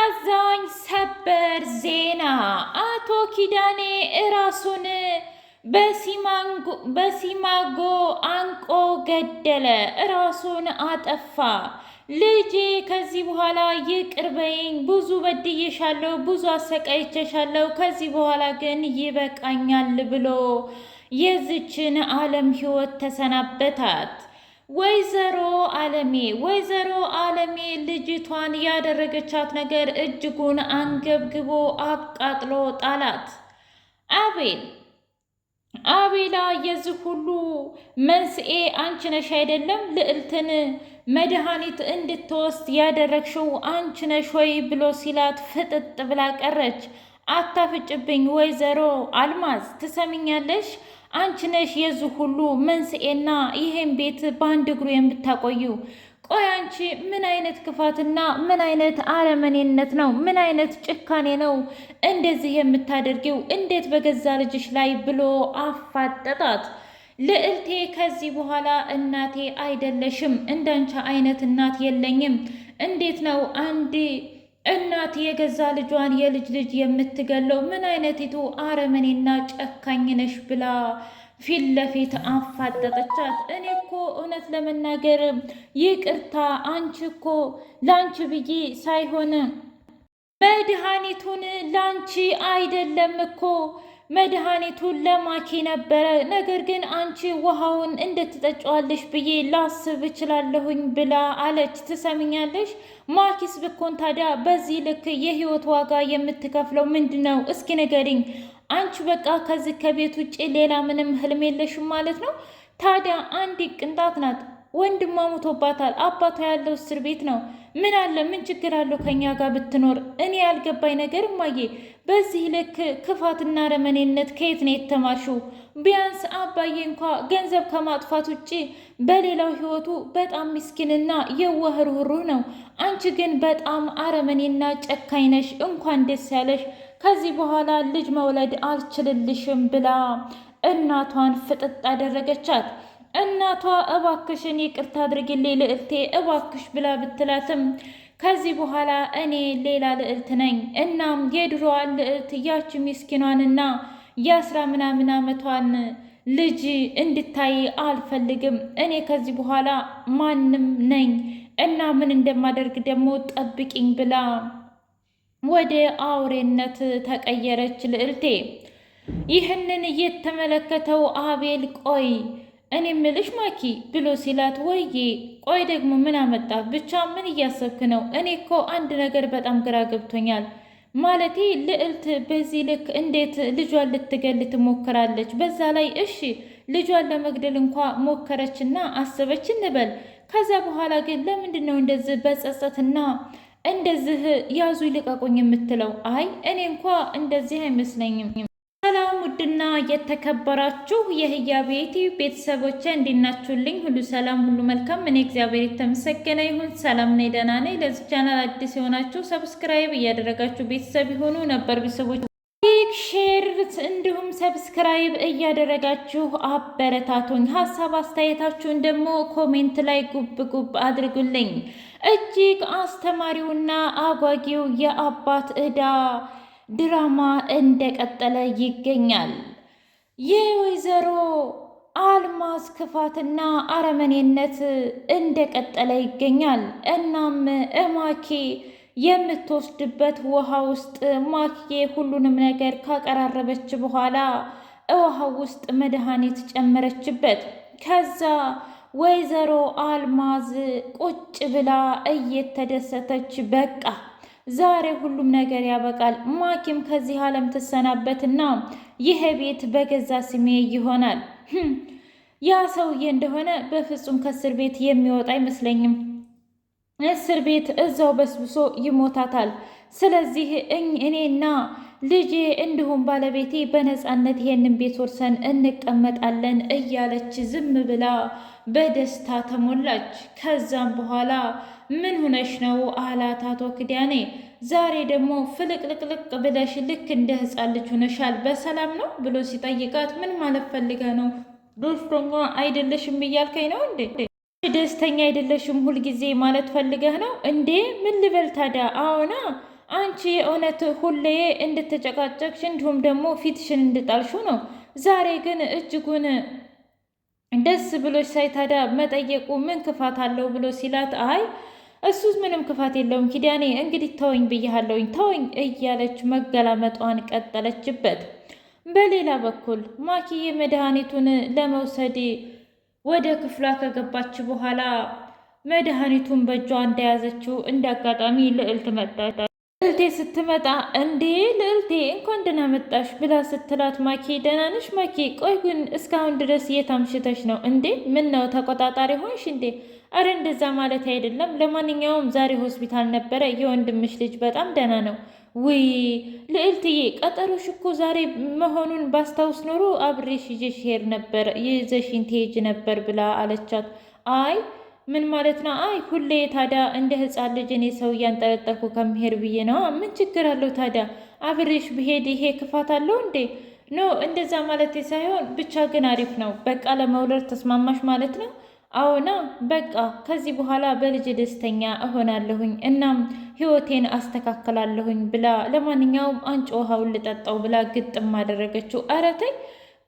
አሳዛኝ ሰበር ዜና አቶ ኪዳኔ እራሱን በሲማጎ አንቆ ገደለ። እራሱን አጠፋ። ልጄ ከዚህ በኋላ ይቅር በይኝ፣ ብዙ በድዬሻለሁ፣ ብዙ አሰቃይቼሻለሁ፣ ከዚህ በኋላ ግን ይበቃኛል ብሎ የዝችን ዓለም ሕይወት ተሰናበታት። ወይዘሮ አለሜ ወይዘሮ አለሜ ልጅቷን ያደረገቻት ነገር እጅጉን አንገብግቦ አቃጥሎ ጣላት። አቤል አቤላ የዚህ ሁሉ መንስኤ አንቺ ነሽ አይደለም? ልዕልትን መድኃኒት እንድትወስድ ያደረግሽው አንቺ ነሽ ወይ ብሎ ሲላት ፍጥጥ ብላ ቀረች። አታፍጭብኝ ወይዘሮ አልማዝ ትሰሚኛለሽ? አንቺ ነሽ የዚህ ሁሉ መንስኤና ይሄን ቤት በአንድ እግሩ የምታቆዩ። ቆይ አንቺ ምን አይነት ክፋትና ምን አይነት አረመኔነት ነው? ምን አይነት ጭካኔ ነው እንደዚህ የምታደርጊው? እንዴት በገዛ ልጅሽ ላይ ብሎ አፋጠጣት። ልዕልቴ ከዚህ በኋላ እናቴ አይደለሽም። እንዳንቺ አይነት እናት የለኝም። እንዴት ነው አንዴ እናት የገዛ ልጇን የልጅ ልጅ የምትገለው ምን አይነቲቱ አረመኔና ጨካኝ ነሽ ብላ ፊት ለፊት አፋጠጠቻት። እኔ እኮ እውነት ለመናገር ይቅርታ፣ አንቺ እኮ ላንቺ ብዬ ሳይሆን መድኃኒቱን ላንቺ አይደለም እኮ መድኃኒቱን ለማኪ ነበረ። ነገር ግን አንቺ ውሃውን እንድትጠጫዋለሽ ብዬ ላስብ እችላለሁኝ ብላ አለች። ትሰምኛለሽ? ማኪስ ብኮን ታዲያ በዚህ ልክ የህይወት ዋጋ የምትከፍለው ምንድን ነው? እስኪ ንገሪኝ። አንቺ በቃ ከዚህ ከቤት ውጭ ሌላ ምንም ህልም የለሽም ማለት ነው? ታዲያ አንድ ቅንጣት ናት ወንድሟ ሞቶባታል። አባቷ ያለው እስር ቤት ነው። ምን አለ ምን ችግር አለው ከኛ ጋር ብትኖር? እኔ ያልገባኝ ነገር እማዬ፣ በዚህ ልክ ክፋትና ረመኔነት ከየት ነው የተማርሽው? ቢያንስ አባዬ እንኳ ገንዘብ ከማጥፋት ውጪ በሌላው ህይወቱ በጣም ምስኪንና የዋህ ርኅሩህ ነው። አንቺ ግን በጣም አረመኔና ጨካኝ ነሽ። እንኳን ደስ ያለሽ። ከዚህ በኋላ ልጅ መውለድ አልችልልሽም ብላ እናቷን ፍጥጥ አደረገቻት። እናቷ እባክሽን ይቅርታ አድርግልኝ ልዕልቴ እባክሽ ብላ ብትላትም ከዚህ በኋላ እኔ ሌላ ልዕልት ነኝ። እናም የድሮዋን ልዕልት ያች ምስኪኗንና የአስራ ምናምን ዓመቷን ልጅ እንድታይ አልፈልግም። እኔ ከዚህ በኋላ ማንም ነኝ እና ምን እንደማደርግ ደግሞ ጠብቂኝ ብላ ወደ አውሬነት ተቀየረች ልዕልቴ። ይህንን እየተመለከተው አቤል ቆይ እኔ ምልሽ ማኪ ብሎ ሲላት፣ ወይዬ ቆይ ደግሞ ምን አመጣ? ብቻ ምን እያሰብክ ነው? እኔ እኮ አንድ ነገር በጣም ግራ ገብቶኛል። ማለቴ ልዕልት በዚህ ልክ እንዴት ልጇን ልትገል ትሞክራለች? በዛ ላይ እሺ ልጇን ለመግደል እንኳ ሞከረችና አሰበች እንበል። ከዛ በኋላ ግን ለምንድን ነው እንደዚህ በጸጸትና እንደዚህ ያዙ ይልቀቁኝ የምትለው? አይ እኔ እንኳ እንደዚህ አይመስለኝም ሰላም ውድና የተከበራችሁ የህያ ቤቲ ቤተሰቦቼ እንዲናችሁልኝ ሁሉ ሰላም ሁሉ መልካም። እኔ እግዚአብሔር የተመሰገነ ይሁን ሰላም ነኝ፣ ደህና ነኝ። ለዚህ ቻናል አዲስ የሆናችሁ ሰብስክራይብ እያደረጋችሁ ቤተሰብ የሆኑ ነበር ቤተሰቦች ላይክ፣ ሼር እንዲሁም ሰብስክራይብ እያደረጋችሁ አበረታቱኝ። ሀሳብ አስተያየታችሁን ደግሞ ኮሜንት ላይ ጉብ ጉብ አድርጉልኝ። እጅግ አስተማሪውና አጓጊው የአባት ዕዳ ድራማ እንደቀጠለ ይገኛል። የወይዘሮ አልማዝ ክፋትና አረመኔነት እንደቀጠለ ይገኛል። እናም እማኬ የምትወስድበት ውሃ ውስጥ ማኬ ሁሉንም ነገር ካቀራረበች በኋላ ውሃ ውስጥ መድኃኒት ጨመረችበት። ከዛ ወይዘሮ አልማዝ ቁጭ ብላ እየተደሰተች በቃ ዛሬ ሁሉም ነገር ያበቃል። ማኪም ከዚህ ዓለም ትሰናበትና ይሄ ቤት በገዛ ስሜ ይሆናል። ያ ሰውዬ እንደሆነ በፍጹም ከእስር ቤት የሚወጣ አይመስለኝም። እስር ቤት እዛው በስብሶ ይሞታታል። ስለዚህ እኔና ልጄ እንዲሁም ባለቤቴ በነፃነት ይሄንን ቤት ወርሰን እንቀመጣለን እያለች ዝም ብላ በደስታ ተሞላች። ከዛም በኋላ ምን ሆነሽ ነው አላት አቶ ክዳኔ። ዛሬ ደግሞ ፍልቅልቅልቅ ብለሽ ልክ እንደ ህፃን ልጅ ሆነሻል በሰላም ነው ብሎ ሲጠይቃት ምን ማለት ፈልገ ነው ደስተኛ አይደለሽም እያልከኝ ነው እንዴ? ደስተኛ አይደለሽም ሁልጊዜ ማለት ፈልገህ ነው እንዴ? ምን ልበል ታዲያ? አዎና አንቺ የእውነት ሁሌ እንድትጨቃጨቅሽ እንዲሁም ደግሞ ፊትሽን እንድጣልሹ ነው። ዛሬ ግን እጅጉን ደስ ብሎች ሳይታዳ መጠየቁ ምን ክፋት አለው ብሎ ሲላት አይ እሱስ ምንም ክፋት የለውም ኪዳኔ እንግዲህ ተወኝ ብያሃለውኝ ተወኝ እያለች መገላመጧን ቀጠለችበት። በሌላ በኩል ማኪዬ መድኃኒቱን ለመውሰድ ወደ ክፍሏ ከገባች በኋላ መድኃኒቱን በእጇ እንደያዘችው እንደ አጋጣሚ ልዕልት መጣች። ልዕልቴ ስትመጣ እንዴ ልዕልቴ እንኳን ደህና መጣሽ ብላ ስትላት ማኪ ደህና ነሽ ማኪ? ቆይ ግን እስካሁን ድረስ የት አምሽተሽ ነው እንዴ? ምን ነው ተቆጣጣሪ ሆንሽ እንዴ? አረ እንደዛ ማለት አይደለም። ለማንኛውም ዛሬ ሆስፒታል ነበረ የወንድምሽ ልጅ በጣም ደህና ነው። ውይ ልዕልትዬ፣ ቀጠሮሽ እኮ ዛሬ መሆኑን ባስታውስ ኖሮ አብሬሽ ይዤሽ ሄድ ነበር ይዘሽንቴጅ ነበር ብላ አለቻት። አይ ምን ማለት ነው? አይ ሁሌ ታዲያ እንደ ህፃን ልጅ እኔ ሰው እያንጠለጠልኩ ከሚሄድ ብዬ ነዋ። ምን ችግር አለው ታዲያ? አብሬሽ ብሄድ ይሄ ክፋት አለው እንዴ? ኖ እንደዛ ማለት ሳይሆን ብቻ ግን አሪፍ ነው። በቃ ለመውለድ ተስማማሽ ማለት ነው። አዎና በቃ ከዚህ በኋላ በልጅ ደስተኛ እሆናለሁኝ እናም ህይወቴን አስተካክላለሁኝ ብላ ለማንኛውም አንጭ ውሃውን ልጠጣው ብላ ግጥም አደረገችው። ኧረ ተይ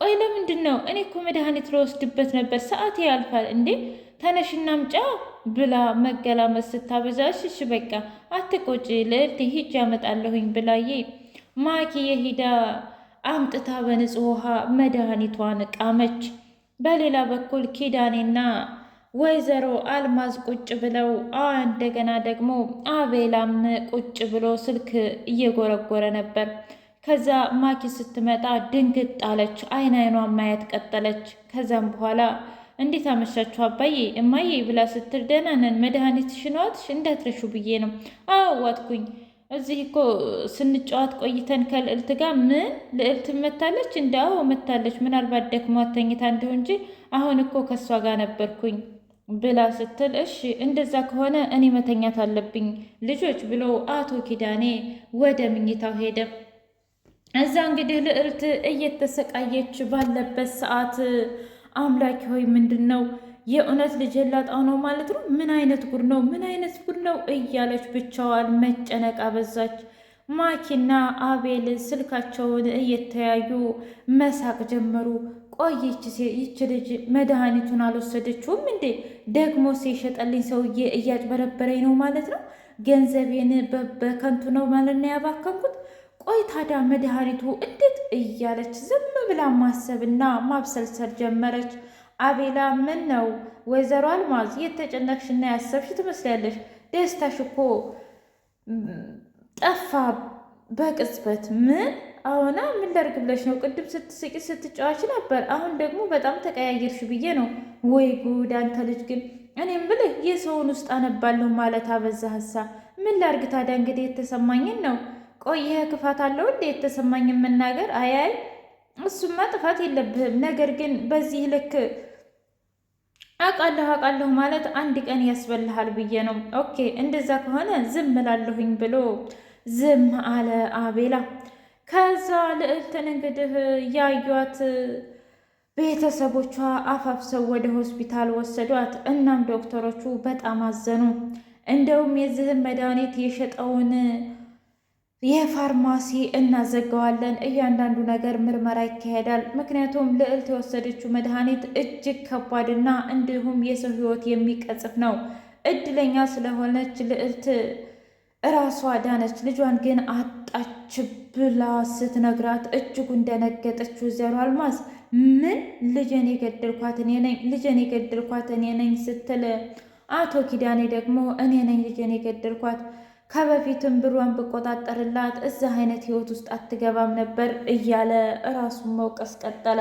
ቆይ ለምንድን ነው እኔ እኮ መድኃኒት ልወስድበት ነበር ሰዓት ያልፋል እንዴ ተነሽና ምጫ ብላ መገላመት ስታበዛ እሺ በቃ አትቆጭ፣ ልዕልት ሂጅ ያመጣለሁኝ ብላዬ ማኪ የሂዳ አምጥታ በንጹህ ውሃ መድኃኒቷን ቃመች። በሌላ በኩል ኪዳኔና ወይዘሮ አልማዝ ቁጭ ብለው እንደገና ደግሞ አቤላም ቁጭ ብሎ ስልክ እየጎረጎረ ነበር። ከዛ ማኪ ስትመጣ ድንግጥ አለች። አይን አይኗ ማየት ቀጠለች። ከዛም በኋላ እንዴት አመሻችሁ አባዬ እማዬ ብላ ስትል ደህና ነን፣ መድኃኒትሽን ዋጥሽ እንዳትረሹ ብዬ ነው። አዎ ዋጥኩኝ። እዚህ እኮ ስንጫወት ቆይተን ከልዕልት ጋር ምን ልዕልት መታለች? እንዳው መታለች። ምናልባት ደክሟት ተኝታ እንደው እንጂ አሁን እኮ ከእሷ ጋር ነበርኩኝ ብላ ስትል፣ እሺ እንደዛ ከሆነ እኔ መተኛት አለብኝ ልጆች ብሎ አቶ ኪዳኔ ወደ ምኝታው ሄደ። እዛ እንግዲህ ልዕልት እየተሰቃየች ባለበት ሰዓት አምላኪ ሆይ ምንድን ነው የእውነት ልጅ ላጣው ነው ማለት ነው። ምን አይነት ጉድ ነው? ምን አይነት ጉድ ነው እያለች ብቻዋን መጨነቅ አበዛች። ማኪና አቤል ስልካቸውን እየተያዩ መሳቅ ጀመሩ። ቆይ ይች ልጅ መድኃኒቱን አልወሰደችውም እንዴ? ደግሞ ሴሸጠልኝ ሰውዬ እያጭበረበረኝ ነው ማለት ነው። ገንዘቤን በከንቱ ነው ማለት ነው ያባከንኩት። ቆይ ታዲያ መድኃኒቱ እንዴት? እያለች ዝም ብላ ማሰብና ማብሰልሰል ጀመረች። አቤላ ምን ነው ወይዘሮ አልማዝ የተጨነቅሽና ያሰብሽ ትመስላለሽ። ደስታሽ እኮ ጠፋ በቅጽበት። ምን አሁና ምን ላድርግ ብለሽ ነው? ቅድም ስትስቂ ስትጫዋች ነበር፣ አሁን ደግሞ በጣም ተቀያየርሽ ብዬ ነው። ወይ ጉድ አንተ ልጅ ግን እኔም ብልህ የሰውን ውስጥ አነባለሁ ማለት አበዛ። ሀሳ ምን ላድርግ ታዲያ? እንግዲህ የተሰማኝን ነው። ቆይ ክፋት አለው እንዴ የተሰማኝን መናገር? አያይ እሱማ ጥፋት የለብህም። ነገር ግን በዚህ ልክ አውቃለሁ አውቃለሁ ማለት አንድ ቀን ያስበልሃል ብዬ ነው። ኦኬ እንደዛ ከሆነ ዝም እላለሁኝ ብሎ ዝም አለ አቤላ። ከዛ ልዕልትን እንግዲህ ያዩት ቤተሰቦቿ አፋፍሰው ወደ ሆስፒታል ወሰዷት። እናም ዶክተሮቹ በጣም አዘኑ። እንደውም የዚህን መድኃኒት የሸጠውን የፋርማሲ እናዘጋዋለን። እያንዳንዱ ነገር ምርመራ ይካሄዳል። ምክንያቱም ልዕልት የወሰደችው መድኃኒት እጅግ ከባድና እንዲሁም የሰው ሕይወት የሚቀጽፍ ነው። እድለኛ ስለሆነች ልዕልት እራሷ ዳነች። ልጇን ግን አጣች ብላ ስትነግራት እጅጉ እንደነገጠች ወይዘሮ አልማዝ ምን ልጄን የገደልኳት እኔ ነኝ፣ ልጄን የገደልኳት እኔ ነኝ ስትል አቶ ኪዳኔ ደግሞ እኔ ነኝ ልጄን የገደልኳት ከበፊትም ብሯን ብቆጣጠርላት እዚህ አይነት ህይወት ውስጥ አትገባም ነበር እያለ ራሱን መውቀስ ቀጠለ።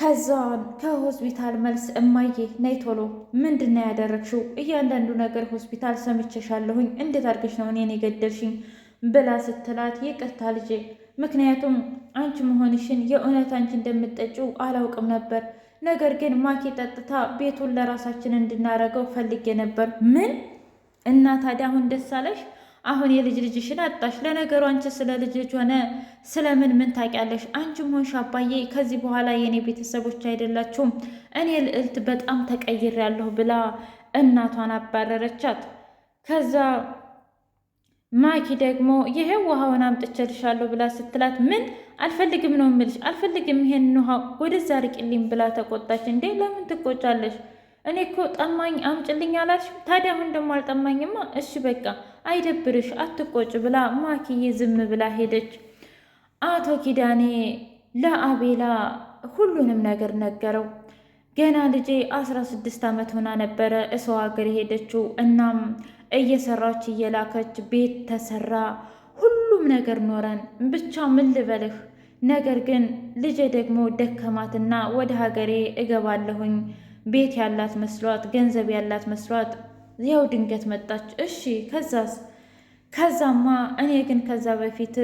ከዛን ከሆስፒታል መልስ እማዬ ነይ ቶሎ፣ ምንድን ነው ያደረግሽው? እያንዳንዱ ነገር ሆስፒታል ሰምቼሻለሁኝ፣ እንዴት አድርገሽ ነው እኔን የገደልሽኝ? ብላ ስትላት ይቅርታ ልጄ፣ ምክንያቱም አንቺ መሆንሽን የእውነት አንቺ እንደምትጠጪው አላውቅም ነበር። ነገር ግን ማኪ ጠጥታ ቤቱን ለራሳችን እንድናረገው ፈልጌ ነበር። ምን እና ታዲያ አሁን ደስ አለሽ? አሁን የልጅ ልጅሽን አጣሽ። ለነገሩ አንቺ ስለ ልጅች ሆነ ስለምን ምን ታውቂያለሽ? አንቺም ሆንሽ አባዬ ከዚህ በኋላ የእኔ ቤተሰቦች አይደላችሁም። እኔ ልዕልት በጣም ተቀይሬያለሁ ብላ እናቷን አባረረቻት። ከዛ ማኪ ደግሞ ይሄ ውሃውን አምጥቼልሻለሁ ብላ ስትላት ምን አልፈልግም ነው የምልሽ፣ አልፈልግም ይሄን ውሃ ወደዛ ርቅልኝ ብላ ተቆጣች። እንዴ ለምን ትቆጫለሽ? እኔ እኮ ጠማኝ አምጭልኝ አላልሽም? ታዲያ ምን ደሞ አልጠማኝማ። እሺ በቃ አይደብርሽ፣ አትቆጭ ብላ ማኪዬ ዝም ብላ ሄደች። አቶ ኪዳኔ ለአቤላ ሁሉንም ነገር ነገረው። ገና ልጄ አስራ ስድስት ዓመት ሆና ነበረ እሰው ሀገር ሄደችው። እናም እየሰራች እየላከች ቤት ተሰራ፣ ሁሉም ነገር ኖረን ብቻ ምን ልበልህ። ነገር ግን ልጄ ደግሞ ደከማትና ወደ ሀገሬ እገባለሁኝ ቤት ያላት መስሏት፣ ገንዘብ ያላት መስሏት ያው ድንገት መጣች። እሺ ከዛስ? ከዛማ እኔ ግን ከዛ በፊት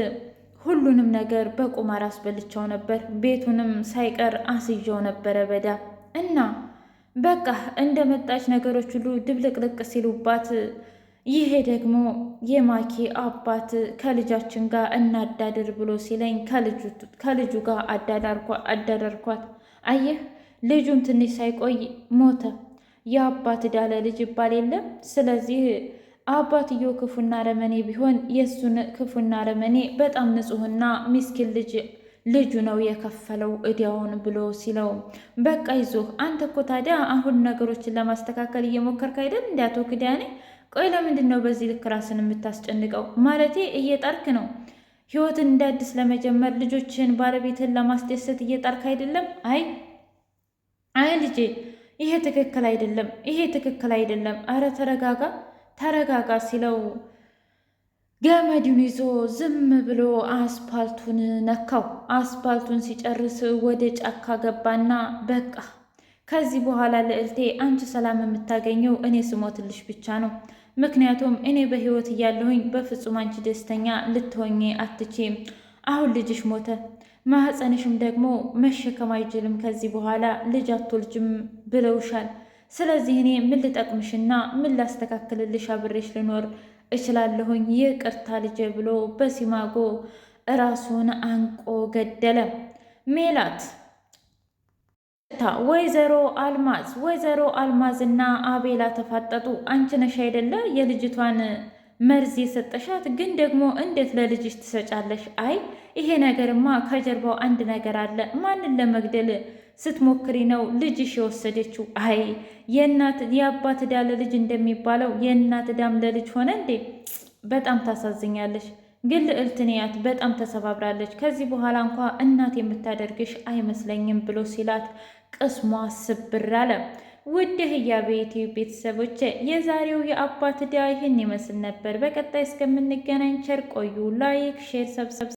ሁሉንም ነገር በቁማር አስበልቸው ነበር። ቤቱንም ሳይቀር አስይዤው ነበረ በዳ እና በቃ እንደ መጣች ነገሮች ሁሉ ድብልቅልቅ ሲሉባት፣ ይሄ ደግሞ የማኪ አባት ከልጃችን ጋር እናዳድር ብሎ ሲለኝ ከልጁ ጋር አዳዳርኳት። አየህ ልጁም ትንሽ ሳይቆይ ሞተ። የአባት ዳለ ልጅ ይባል የለም። ስለዚህ አባትየው ክፉና ረመኔ ቢሆን የእሱን ክፉና ረመኔ በጣም ንጹሕና ሚስኪን ልጅ ልጁ ነው የከፈለው እዳውን ብሎ ሲለው፣ በቃ ይዞህ አንተ እኮ ታዲያ አሁን ነገሮችን ለማስተካከል እየሞከርክ አይደል? እንደ አቶ ክዳኔ። ቆይ ለምንድን ነው በዚህ ልክ ራስን የምታስጨንቀው? ማለቴ እየጣርክ ነው ህይወትን እንደ አዲስ ለመጀመር ልጆችን ባለቤትን ለማስደሰት እየጣርክ አይደለም? አይ አይ ልጄ ይሄ ትክክል አይደለም፣ ይሄ ትክክል አይደለም፣ አረ ተረጋጋ፣ ተረጋጋ ሲለው ገመዱን ይዞ ዝም ብሎ አስፓልቱን ነካው። አስፓልቱን ሲጨርስ ወደ ጫካ ገባና በቃ ከዚህ በኋላ ልዕልቴ አንቺ ሰላም የምታገኘው እኔ ስሞትልሽ ብቻ ነው። ምክንያቱም እኔ በህይወት እያለሁኝ በፍጹም አንቺ ደስተኛ ልትሆኜ አትቼ አሁን ልጅሽ ሞተ። ማህፀንሽም ደግሞ መሸከም አይችልም ከዚህ በኋላ ልጅ አትወልጅም ብለውሻል። ስለዚህ እኔ ምን ልጠቅምሽና ምን ላስተካክልልሽ አብሬሽ ልኖር እችላለሁኝ? ይቅርታ ልጄ ብሎ በሲማጎ እራሱን አንቆ ገደለ። ሜላት ወይዘሮ አልማዝ ወይዘሮ አልማዝና አቤላ ተፋጠጡ። አንቺ ነሽ አይደለ የልጅቷን መርዝ የሰጠሻት ግን ደግሞ እንዴት ለልጅሽ ትሰጫለሽ? አይ ይሄ ነገርማ ከጀርባው አንድ ነገር አለ። ማንን ለመግደል ስትሞክሪ ነው ልጅሽ የወሰደችው? አይ የእናት የአባት ዕዳ ለልጅ እንደሚባለው የእናት ዕዳም ለልጅ ሆነ እንዴ? በጣም ታሳዝኛለሽ። ግን ልዕልትንያት በጣም ተሰባብራለች። ከዚህ በኋላ እንኳ እናት የምታደርግሽ አይመስለኝም ብሎ ሲላት ቅስሟ ስብር አለ። ውድ ህያ ዩቲዩብ ቤተሰቦች የዛሬው የአባት ዕዳ ይህን ይመስል ነበር። በቀጣይ እስከምንገናኝ ቸር ቆዩ። ላይክ፣ ሼር፣ ሰብሰብ